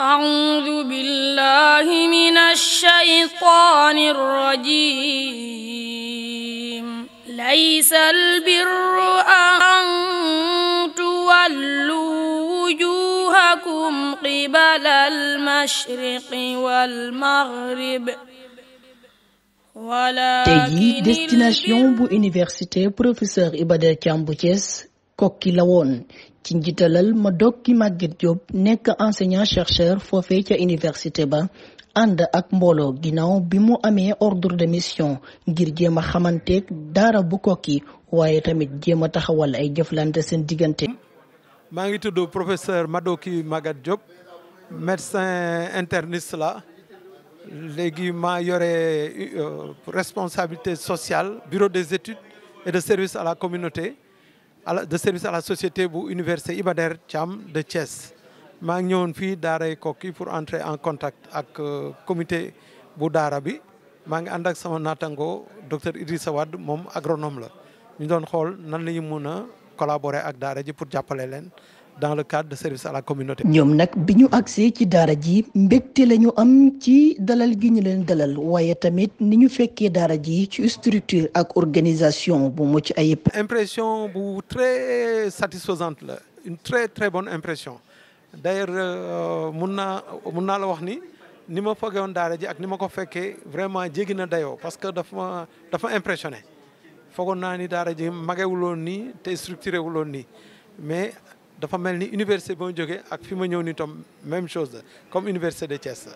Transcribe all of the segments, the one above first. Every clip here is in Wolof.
أعوذ بالله من الشيطان الرجيم ليس البر أن تولوا وجوهكم قبل المشرق والمغرب ولكن tey jii destination bu université professeur Iba Der Thiam bu Thiès kokki la woon ci njiitalal ma dokki Maguette Diop nekk enseignant chercheur foofee ca université ba ànd ak mbooloo ginnaaw bi mu amee ordre de mission ngir jéem a xamanteeg daara bu kokki waaye tamit jéem a taxawal ay jëflante seen diggante. maa ngi tudd professeur Madoki Maguette Diop médecin interniste la léegi maa yore euh, responsabilité sociale bureau des études et de service à la communauté. de service à la société bu université Iba Der Thiam de Thiès maa ngi ñëwoon fii daaray Koki pour entrer en contact ak euh, comité bu daara bi maa ngi ànd ak sama naataango docteur Idrissa Wade moom agronome la ñu doon xool nan la ñu mun a collaborer ak daara ji pour jàppale leen dans le cadre de service à la communauté. ñoom nag bi ñu agsee ci daara ji mbégte la ñu am ci dalal gi ñu leen dalal waaye tamit ni ñu fekkee daara ji ci structure ak organisation bu mucc ay impression bu très satisfaisante la une très très bonne impression d'ailleurs euh, mun naa mun naa la wax ni ni ma foogeewoon daara ji ak ni ma ko fekkee vraiment jéggi na dayoo parce que dafa ma dafa foogoon naa ni daara ji magewuloon nii te structuré wuloon nii mais. dafa mel ni université ba ma jógee ak fi ma ñëw ni tam même chose la comme université de Thiès la.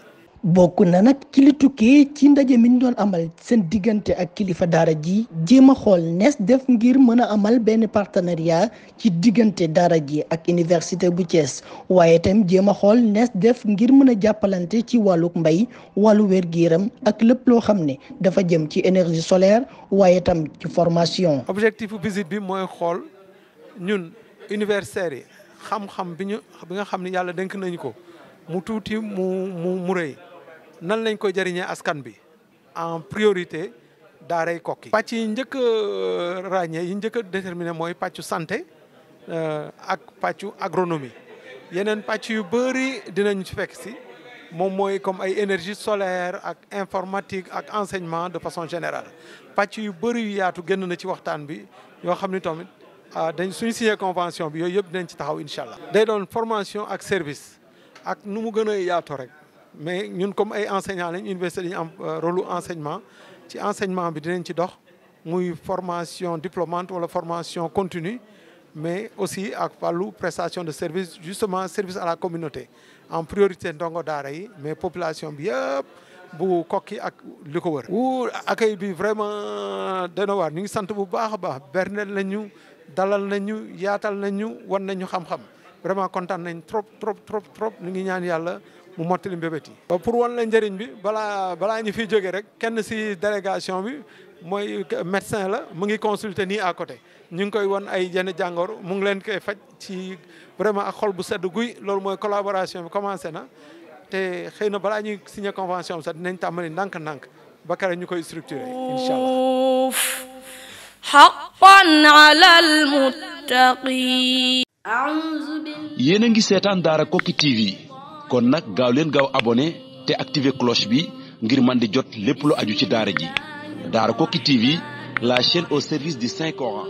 bokk na nag ci li tukkee ci ndaje mi ñu doon amal seen diggante ak kilifa daara ji jéem a xool nees def ngir mën a amal benn partenariat ci diggante daara ji ak université bu Thiès waaye itam jéem a xool nees def ngir mën a jàppalante ci wàllu mbay wàllu wér gu ak lépp loo xam ne dafa jëm ci énergie solaire waaye itam ci formation. objectif visite bi mooy xool ñun. universitaires yi xam-xam bi ñu bi nga xam ne yàlla dénk nañu ko mu tuuti mu mu mu rëy nan lañ koy jëriñee askan bi en priorité daaray kokki pàcc yi njëkk a euh, ràññee yi njëkk a déterminé mooy pàccu santé euh, ak pàccu agronomie yeneen pàcc yu bari dinañ ci fekk si moom mooy comme ay énergie solaire ak informatique ak enseignement de façon générale pàcc yu bëri yu yaatu génn na ci waxtaan bi yoo xam ni tamit Ah, dañ suñ signé convention bi yooyu yëpp dinañ ci taxaw incha allah. day doon formation ak service ak nu mu gën a yaatoo rek mais ñun comme ay enseignants lañ université dañu am euh, rôle enseignement ci enseignement bi dinañ ci dox muy formation diplômante wala formation continue mais aussi ak wàllu prestation de service justement service à la communauté en priorité ndongo daara yi mais population bi yëpp bu kokki ak li ko wër. wu accueil bi vraiment dana waar ñu ngi sant bu baax a baax bernel lañu. dalal nañu yaatal nañu wan nañu xam-xam vraiment kontaan nañ trop trop trop trop ñu ngi ñaan yàlla mu mottali mbébét yi. pour wan la njëriñ bi balaa balaa ñu fiy jógee rek kenn si délégation bi mooy médecin la mu ngi consulter nii à côté ñu ngi koy wan ay yenn jàngoro mu ngi leen koy faj ci vraiment ak xol bu sedd guy loolu mooy collaboration bi commencé na. te xëy na balaa ñuy signé convention bi sax dinañ tàmbali ndànk-ndànk ba kare ñu koy structuré incha allah. حقا على المتقين yéen a ngi seetaan daara Koki TV kon nag gaaw leen gaaw abonné te activé cloche bi ngir man di jot lépp lu aju ci daara ji daara Koki TV la chaîne au service di Saint Coran